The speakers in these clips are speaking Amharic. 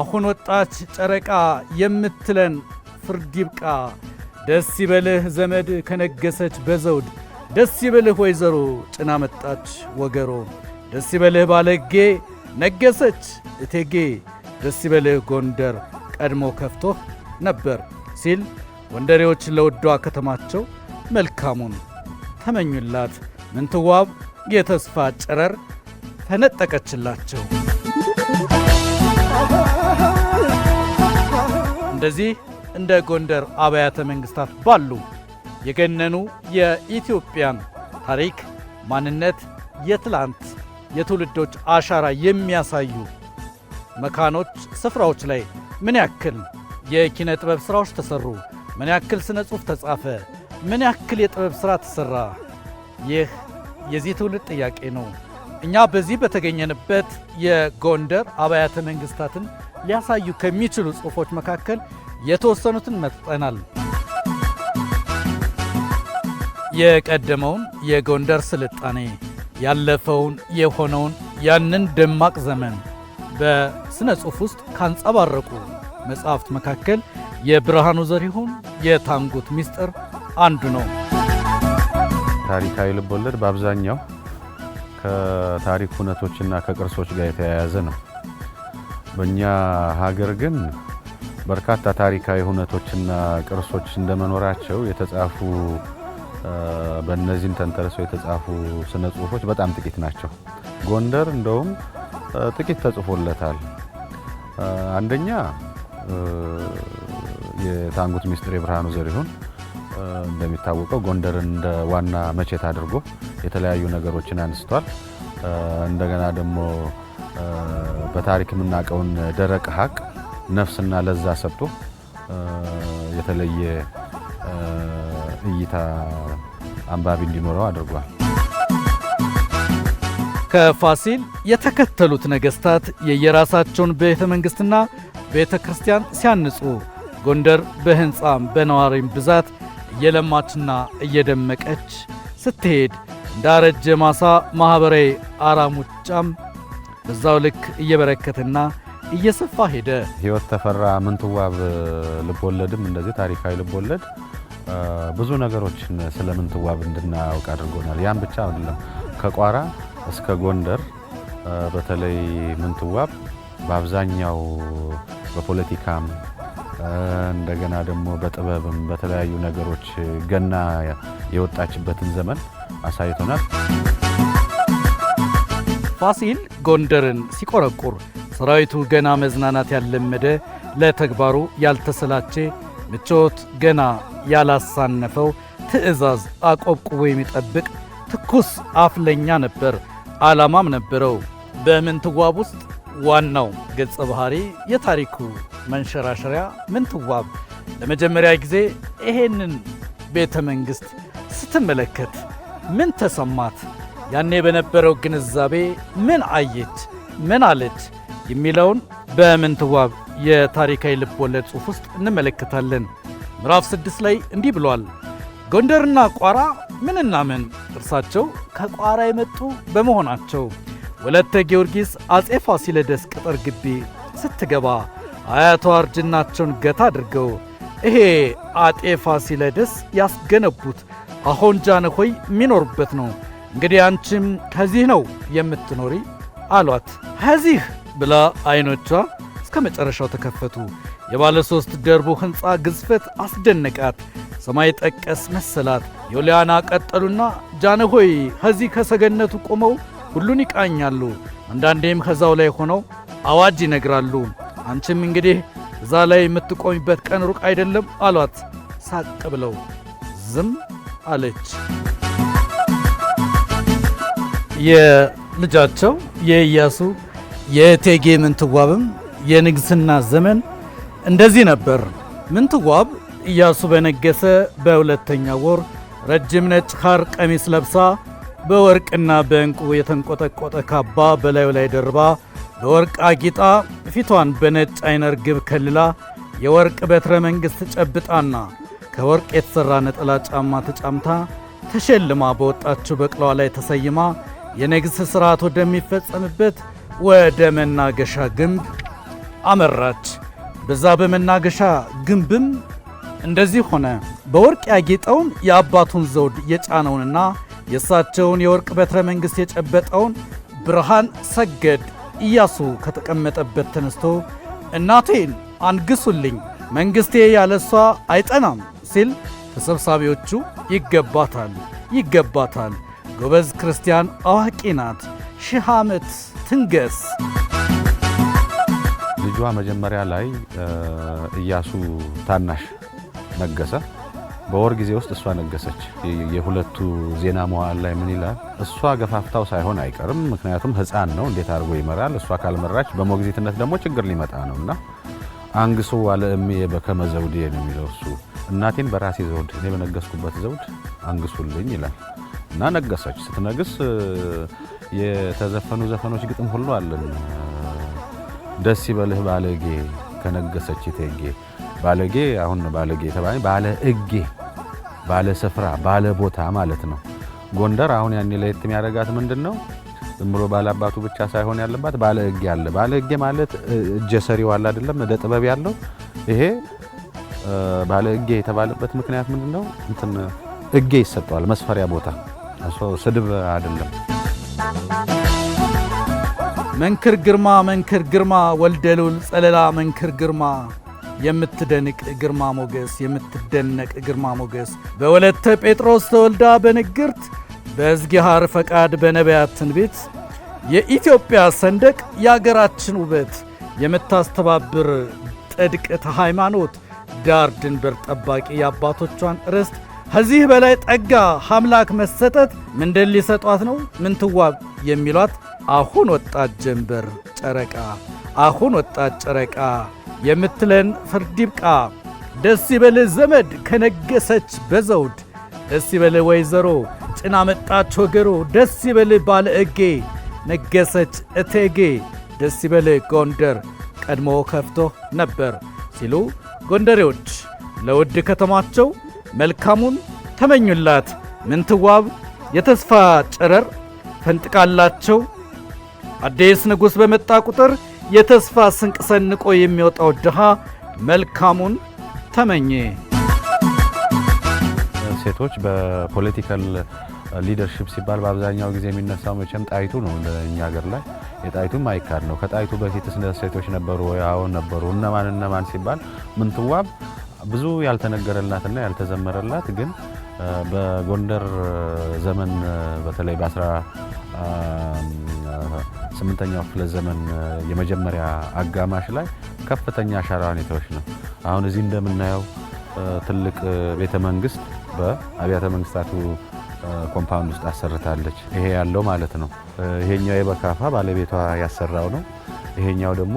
አሁን ወጣች ጨረቃ የምትለን ፍርድ ይብቃ። ደስ ይበልህ ዘመድ ከነገሰች በዘውድ ደስ ይበልህ ወይዘሮ ጭና መጣች ወገሮ ደስ ይበልህ ባለጌ ነገሰች እቴጌ ደስ ይበልህ ጎንደር ቀድሞ ከፍቶህ ነበር ሲል ጎንደሬዎች ለውዷ ከተማቸው መልካሙን ተመኙላት። ምንትዋብ የተስፋ ጨረር ተነጠቀችላቸው። እንደዚህ እንደ ጎንደር አብያተ መንግስታት ባሉ የገነኑ የኢትዮጵያን ታሪክ፣ ማንነት፣ የትላንት የትውልዶች አሻራ የሚያሳዩ መካኖች፣ ስፍራዎች ላይ ምን ያክል የኪነ ጥበብ ሥራዎች ተሠሩ? ምን ያክል ሥነ ጽሑፍ ተጻፈ? ምን ያክል የጥበብ ሥራ ተሠራ? ይህ የዚህ ትውልድ ጥያቄ ነው። እኛ በዚህ በተገኘንበት የጎንደር አብያተ መንግስታትን ሊያሳዩ ከሚችሉ ጽሑፎች መካከል የተወሰኑትን መጥጠናል። የቀደመውን የጎንደር ስልጣኔ፣ ያለፈውን የሆነውን ያንን ደማቅ ዘመን በሥነ ጽሑፍ ውስጥ ካንጸባረቁ መጽሐፍት መካከል የብርሃኑ ዘሪሁን የታንጉት ምስጢር አንዱ ነው። ታሪካዊ ልቦለድ በአብዛኛው ከታሪክ ሁነቶችና ከቅርሶች ጋር የተያያዘ ነው። በእኛ ሀገር ግን በርካታ ታሪካዊ ሁነቶችና ቅርሶች እንደመኖራቸው የተጻፉ በእነዚህም ተንተርሰው የተጻፉ ስነ ጽሁፎች በጣም ጥቂት ናቸው። ጎንደር እንደውም ጥቂት ተጽፎለታል። አንደኛ የታንጉት ሚስጥር የብርሃኑ ዘሪሁን እንደሚታወቀው ጎንደርን እንደ ዋና መቼት አድርጎ የተለያዩ ነገሮችን አንስቷል። እንደገና ደግሞ በታሪክ የምናውቀውን ደረቅ ሀቅ ነፍስና ለዛ ሰጥቶ የተለየ እይታ አንባቢ እንዲኖረው አድርጓል። ከፋሲል የተከተሉት ነገስታት የየራሳቸውን ቤተ መንግሥትና ቤተ ክርስቲያን ሲያንጹ ጎንደር በህንፃም በነዋሪም ብዛት እየለማችና እየደመቀች ስትሄድ እንዳረጀ ማሳ ማኅበራዊ አራሙጫም በዛው ልክ እየበረከተና እየሰፋ ሄደ። ሕይወት ተፈራ ምንትዋብ ልቦለድም እንደዚህ ታሪካዊ ልቦለድ ብዙ ነገሮችን ስለ ምንትዋብ እንድናውቅ አድርጎናል። ያን ብቻ አይደለም፣ ከቋራ እስከ ጎንደር በተለይ ምንትዋብ በአብዛኛው በፖለቲካም እንደገና ደግሞ በጥበብም በተለያዩ ነገሮች ገና የወጣችበትን ዘመን አሳይቶናል። ፋሲል ጎንደርን ሲቆረቁር ሰራዊቱ ገና መዝናናት ያልለመደ ለተግባሩ ያልተሰላቸ ምቾት ገና ያላሳነፈው ትዕዛዝ አቆብቁቦ የሚጠብቅ ትኩስ አፍለኛ ነበር። ዓላማም ነበረው። በምንትዋብ ውስጥ ዋናው ገጸ ባህሪ የታሪኩ መንሸራሸሪያ ምንትዋብ ለመጀመሪያ ጊዜ ይሄንን ቤተ መንግሥት ስትመለከት ምን ተሰማት? ያኔ በነበረው ግንዛቤ ምን አየች? ምን አለች? የሚለውን በምንትዋብ የታሪካዊ ልብ ወለድ ጽሑፍ ውስጥ እንመለከታለን። ምዕራፍ ስድስት ላይ እንዲህ ብሏል። ጎንደርና ቋራ ምንና ምን እርሳቸው ከቋራ የመጡ በመሆናቸው ወለተ ጊዮርጊስ አጼ ፋሲለደስ ቅጥር ግቢ ስትገባ አያቷ እርጅናቸውን ገታ አድርገው ይሄ አጤ ፋሲለደስ ያስገነቡት አሁን ጃንሆይ የሚኖሩበት ነው። እንግዲህ አንቺም ከዚህ ነው የምትኖሪ አሏት። ከዚህ ብላ ዐይኖቿ እስከ መጨረሻው ተከፈቱ። የባለ ሦስት ደርቡ ሕንፃ ግዝፈት አስደነቃት። ሰማይ ጠቀስ መሰላት። ዮልያና ቀጠሉና ጃንሆይ ከዚህ ከሰገነቱ ቆመው ሁሉን ይቃኛሉ። አንዳንዴም ከዛው ላይ ሆነው አዋጅ ይነግራሉ። አንቺም እንግዲህ እዛ ላይ የምትቆሚበት ቀን ሩቅ አይደለም አሏት። ሳቅ ብለው ዝም አለች። የልጃቸው የኢያሱ የእቴጌ ምንትዋብም የንግስና ዘመን እንደዚህ ነበር። ምንትዋብ ኢያሱ በነገሰ በሁለተኛ ወር ረጅም ነጭ ሐር ቀሚስ ለብሳ በወርቅና በእንቁ የተንቆጠቆጠ ካባ በላዩ ላይ ደርባ በወርቅ አጊጣ ፊቷን በነጭ አይነ ርግብ ከልላ የወርቅ በትረ መንግሥት ጨብጣና ከወርቅ የተሠራ ነጠላ ጫማ ተጫምታ ተሸልማ በወጣችው በቅላዋ ላይ ተሰይማ የንግሥ ሥርዓት ወደሚፈጸምበት ወደ መናገሻ ግንብ አመራች። በዛ በመናገሻ ግንብም እንደዚህ ሆነ። በወርቅ ያጌጠውን የአባቱን ዘውድ የጫነውንና የእሳቸውን የወርቅ በትረ መንግሥት የጨበጠውን ብርሃን ሰገድ ኢያሱ ከተቀመጠበት ተነስቶ እናቴን አንግሱልኝ መንግሥቴ ያለሷ አይጠናም ሲል ተሰብሳቢዎቹ ይገባታል፣ ይገባታል፣ ጎበዝ ክርስቲያን አዋቂ ናት፣ ሺህ ዓመት ትንገስ። ልጇ መጀመሪያ ላይ ኢያሱ ታናሽ ነገሰ። በወር ጊዜ ውስጥ እሷ ነገሰች። የሁለቱ ዜና መዋል ላይ ምን ይላል? እሷ ገፋፍታው ሳይሆን አይቀርም። ምክንያቱም ሕፃን ነው፣ እንዴት አድርጎ ይመራል? እሷ ካልመራች በሞግዚትነት ደግሞ ችግር ሊመጣ ነው እና አንግሶ አለ እምዬ በከመ ዘውዴ ነው የሚለው እሱ። እናቴን በራሴ ዘውድ፣ እኔ በነገስኩበት ዘውድ አንግሱልኝ ይላል እና ነገሰች። ስትነግስ የተዘፈኑ ዘፈኖች ግጥም ሁሉ አለን። ደስ ይበልህ ባለጌ ከነገሰች ቴጌ ባለጌ አሁን ባለጌ የተባለ ባለ እጌ ባለ ስፍራ ባለ ቦታ ማለት ነው። ጎንደር አሁን ያኔ ለየት የሚያደርጋት ምንድን ነው? ዝም ብሎ ባለ አባቱ ብቻ ሳይሆን ያለባት ባለ እጌ አለ። ባለ እጌ ማለት እጀ ሰሪው አለ አይደለም፣ እደ ጥበብ ያለው ይሄ ባለ እጌ የተባለበት ምክንያት ምንድን ነው? እንትን እጌ ይሰጠዋል፣ መስፈሪያ ቦታ ስድብ አይደለም። መንክር ግርማ መንክር ግርማ ወልደሉል ጸለላ መንክር ግርማ የምትደንቅ ግርማ ሞገስ የምትደነቅ ግርማ ሞገስ በወለተ ጴጥሮስ ተወልዳ በንግርት በዝጊሃር ፈቃድ በነቢያት ትንቢት የኢትዮጵያ ሰንደቅ የአገራችን ውበት የምታስተባብር ጥድቅት ሃይማኖት ዳር ድንበር ጠባቂ የአባቶቿን ርስት ከዚህ በላይ ጠጋ አምላክ መሰጠት ምንድን ሊሰጧት ነው ምን ትዋብ የሚሏት አሁን ወጣት ጀንበር ጨረቃ አሁን ወጣት ጨረቃ የምትለን ፍርድ ይብቃ። ደስ ይበል ዘመድ ከነገሰች በዘውድ ደስ ይበል ወይዘሮ ጭና መጣች ወገሮ ደስ ይበል ባለ እጌ ነገሰች እቴጌ ደስ ይበል ጎንደር ቀድሞ ከፍቶ ነበር ሲሉ ጎንደሬዎች ለውድ ከተማቸው መልካሙን ተመኙላት። ምንትዋብ የተስፋ ጨረር ፈንጥቃላቸው። አዲስ ንጉሥ በመጣ ቁጥር የተስፋ ስንቅ ሰንቆ የሚወጣው ድሃ መልካሙን ተመኘ። ሴቶች በፖለቲካል ሊደርሽፕ ሲባል በአብዛኛው ጊዜ የሚነሳው መቼም ጣይቱ ነው። እኛ ሀገር ላይ የጣይቱም አይካድ ነው። ከጣይቱ በፊት ሴቶች ነበሩ ወይ? አሁን ነበሩ። እነማን እነማን ሲባል ምንትዋብ ብዙ ያልተነገረላትና ያልተዘመረላት ግን በጎንደር ዘመን በተለይ በአስራ ስምንተኛው ክፍለ ዘመን የመጀመሪያ አጋማሽ ላይ ከፍተኛ አሻራ ሁኔታዎች ነው። አሁን እዚህ እንደምናየው ትልቅ ቤተ መንግስት በአብያተ መንግስታቱ ኮምፓውንድ ውስጥ አሰርታለች። ይሄ ያለው ማለት ነው። ይሄኛው የበካፋ ባለቤቷ ያሰራው ነው። ይሄኛው ደግሞ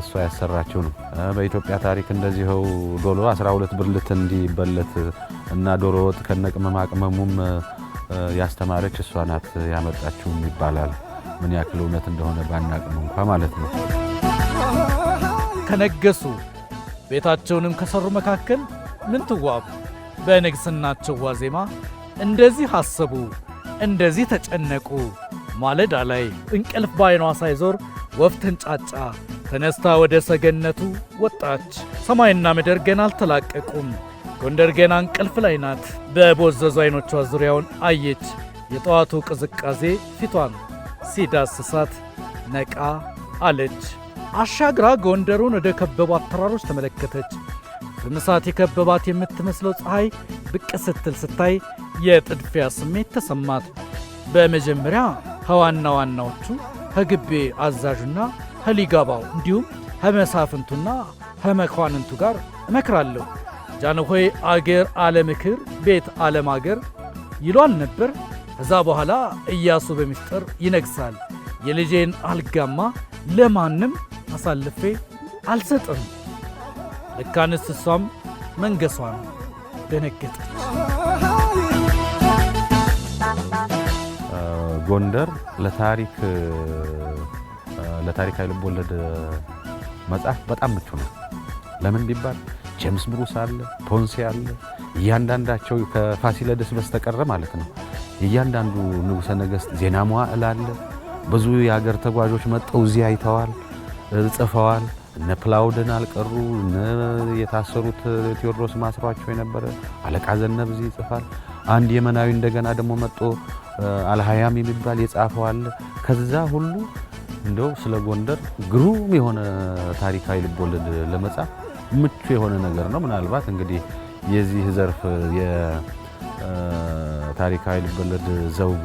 እሷ ያሰራችው ነው። በኢትዮጵያ ታሪክ እንደዚህው ዶሎ 12 ብርልት እንዲበለት እና ዶሮ ወጥ ከነቅመማ ቅመሙም ያስተማረች እሷ ናት ያመጣችውም ይባላል። ምን ያክል እውነት እንደሆነ ባናቅም እንኳ ማለት ነው። ከነገሱ ቤታቸውንም ከሰሩ መካከል ምን ትዋቡ በንግሥናቸው ዋዜማ እንደዚህ አሰቡ፣ እንደዚህ ተጨነቁ ማለዳ ላይ እንቅልፍ በዓይኗ ሳይዞር ወፍ ተንጫጫ፣ ተነስታ ወደ ሰገነቱ ወጣች። ሰማይና ምድር ገና አልተላቀቁም። ጎንደር ገና እንቅልፍ ላይ ናት። በቦዘዙ አይኖቿ ዙሪያውን አየች። የጠዋቱ ቅዝቃዜ ፊቷን ሲዳስሳት ነቃ አለች። አሻግራ ጎንደሩን ወደ ከበቧት ተራሮች ተመለከተች። በምሳት የከበባት የምትመስለው ፀሐይ ብቅ ስትል ስታይ የጥድፊያ ስሜት ተሰማት። በመጀመሪያ ከዋና ዋናዎቹ ከግቤ አዛዥና ከሊጋባው እንዲሁም ከመሳፍንቱና ከመኳንንቱ ጋር እመክራለሁ። ጃንሆይ አገር አለምክር ቤት አለም አገር ይሏል ነበር። ከዛ በኋላ ኢያሱ በምስጢር ይነግሳል። የልጄን አልጋማ ለማንም አሳልፌ አልሰጥም። ልካንስ እሷም መንገሷን ደነገጠች። ጎንደር ለታሪክ ለታሪካዊ ልቦለድ መጽሐፍ በጣም ምቹ ነው። ለምን ቢባል ጄምስ ብሩስ አለ፣ ፖንሴ አለ። እያንዳንዳቸው ከፋሲለደስ በስተቀረ ማለት ነው። እያንዳንዱ ንጉሠ ነገሥት ዜና መዋዕል አለ። ብዙ የሀገር ተጓዦች መጠው እዚህ አይተዋል፣ ጽፈዋል። እነ አልቀሩ። የታሰሩት ቴዎድሮስ ማስሯቸው የነበረ አለቃ ዘነብ እዚህ ይጽፋል። አንድ የመናዊ እንደገና ደግሞ መጦ አልሀያም የሚባል የጻፈው አለ። ከዛ ሁሉ እንደው ስለ ጎንደር ግሩም የሆነ ታሪካዊ ልቦለድ ለመጻፍ ምቹ የሆነ ነገር ነው። ምናልባት እንግዲህ የዚህ ዘርፍ የታሪካዊ ልቦለድ ዘውግ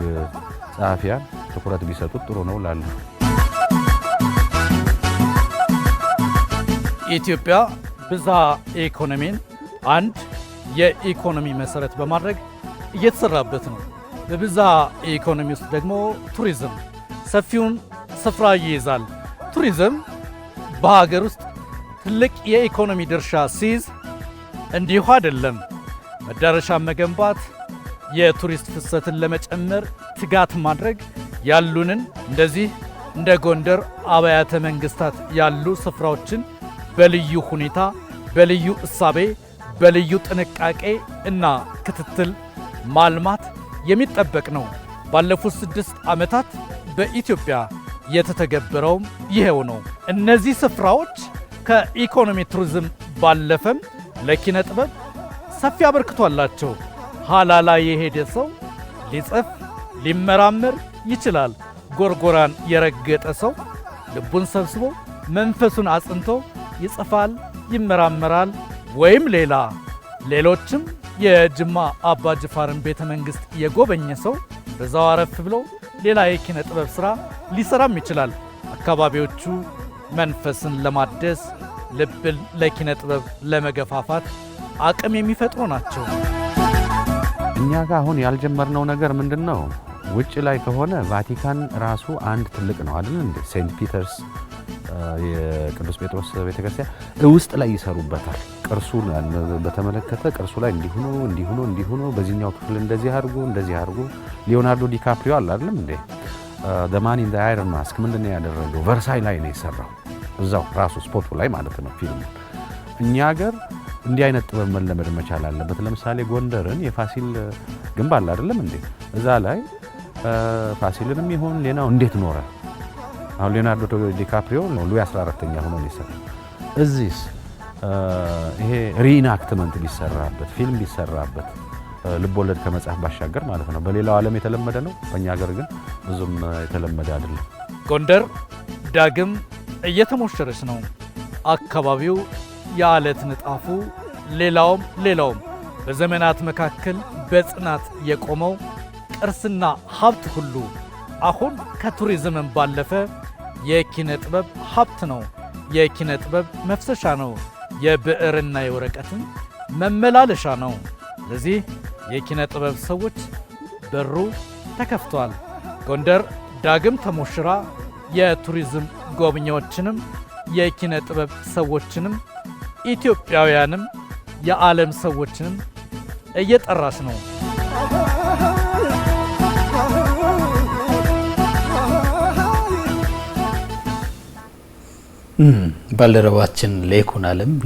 ጸሐፊያን ትኩረት ቢሰጡት ጥሩ ነው ላሉ ኢትዮጵያ ብዛ ኢኮኖሚን አንድ የኢኮኖሚ መሰረት በማድረግ እየተሰራበት ነው። በብዛ የኢኮኖሚ ውስጥ ደግሞ ቱሪዝም ሰፊውን ስፍራ ይይዛል። ቱሪዝም በሀገር ውስጥ ትልቅ የኢኮኖሚ ድርሻ ሲይዝ እንዲሁ አይደለም መዳረሻ መገንባት፣ የቱሪስት ፍሰትን ለመጨመር ትጋት ማድረግ ያሉንን እንደዚህ እንደ ጎንደር አብያተ መንግስታት ያሉ ስፍራዎችን በልዩ ሁኔታ በልዩ እሳቤ በልዩ ጥንቃቄ እና ክትትል ማልማት የሚጠበቅ ነው። ባለፉት ስድስት ዓመታት በኢትዮጵያ የተተገበረውም ይሄው ነው። እነዚህ ስፍራዎች ከኢኮኖሚ ቱሪዝም ባለፈም ለኪነ ጥበብ ሰፊ አበርክቶ አላቸው። ሃላላ የሄደ ሰው ሊጽፍ ሊመራመር ይችላል። ጎርጎራን የረገጠ ሰው ልቡን ሰብስቦ መንፈሱን አጽንቶ ይጽፋል፣ ይመራመራል ወይም ሌላ ሌሎችም የጅማ አባ ጅፋርን ቤተ መንግሥት የጎበኘ ሰው በዛው አረፍ ብሎ ሌላ የኪነ ጥበብ ሥራ ሊሠራም ይችላል። አካባቢዎቹ መንፈስን ለማደስ ልብን ለኪነ ጥበብ ለመገፋፋት አቅም የሚፈጥሩ ናቸው። እኛ ጋር አሁን ያልጀመርነው ነገር ምንድን ነው? ውጭ ላይ ከሆነ ቫቲካን ራሱ አንድ ትልቅ ነው አይደል? ሴንት ፒተርስ የቅዱስ ጴጥሮስ ቤተክርስቲያን ውስጥ ላይ ይሰሩበታል። ቅርሱ በተመለከተ ቅርሱ ላይ እንዲሁኖ እንዲሁኖ እንዲሁኖ በዚህኛው ክፍል እንደዚህ አድርጉ እንደዚህ አድርጉ። ሊዮናርዶ ዲካፕሪዮ አለ አይደለም እንዴ ደማን ኢን አይረን ማስክ ምንድን ነው ያደረገው? ቨርሳይ ላይ ነው የሰራው። እዛው ራሱ ስፖርቱ ላይ ማለት ነው ፊልሙ። እኛ ሀገር እንዲህ አይነት ጥበብ መለመድ መቻል አለበት። ለምሳሌ ጎንደርን የፋሲል ግንብ አለ አይደለም እንዴ እዛ ላይ ፋሲልንም ይሆን ሌላው እንዴት ኖረ አሁን ሊዮናርዶ ዲካፕሪዮ ሉዊ 14ኛ ሆኖ ሊሰራ እዚህስ ይሄ ሪኢናክትመንት ሊሰራበት ፊልም ሊሰራበት ልቦለድ ከመጽሐፍ ባሻገር ማለት ነው። በሌላው ዓለም የተለመደ ነው፣ በእኛ ሀገር ግን ብዙም የተለመደ አይደለም። ጎንደር ዳግም እየተሞሸረች ነው። አካባቢው የአለት ንጣፉ ሌላውም ሌላውም በዘመናት መካከል በጽናት የቆመው ቅርስና ሀብት ሁሉ አሁን ከቱሪዝምን ባለፈ የኪነ ጥበብ ሀብት ነው። የኪነ ጥበብ መፍሰሻ ነው። የብዕርና የወረቀትን መመላለሻ ነው። ለዚህ የኪነ ጥበብ ሰዎች በሩ ተከፍቷል። ጎንደር ዳግም ተሞሽራ የቱሪዝም ጎብኚዎችንም የኪነ ጥበብ ሰዎችንም ኢትዮጵያውያንም የዓለም ሰዎችንም እየጠራች ነው። ባልደረባችን ለይኩን አለም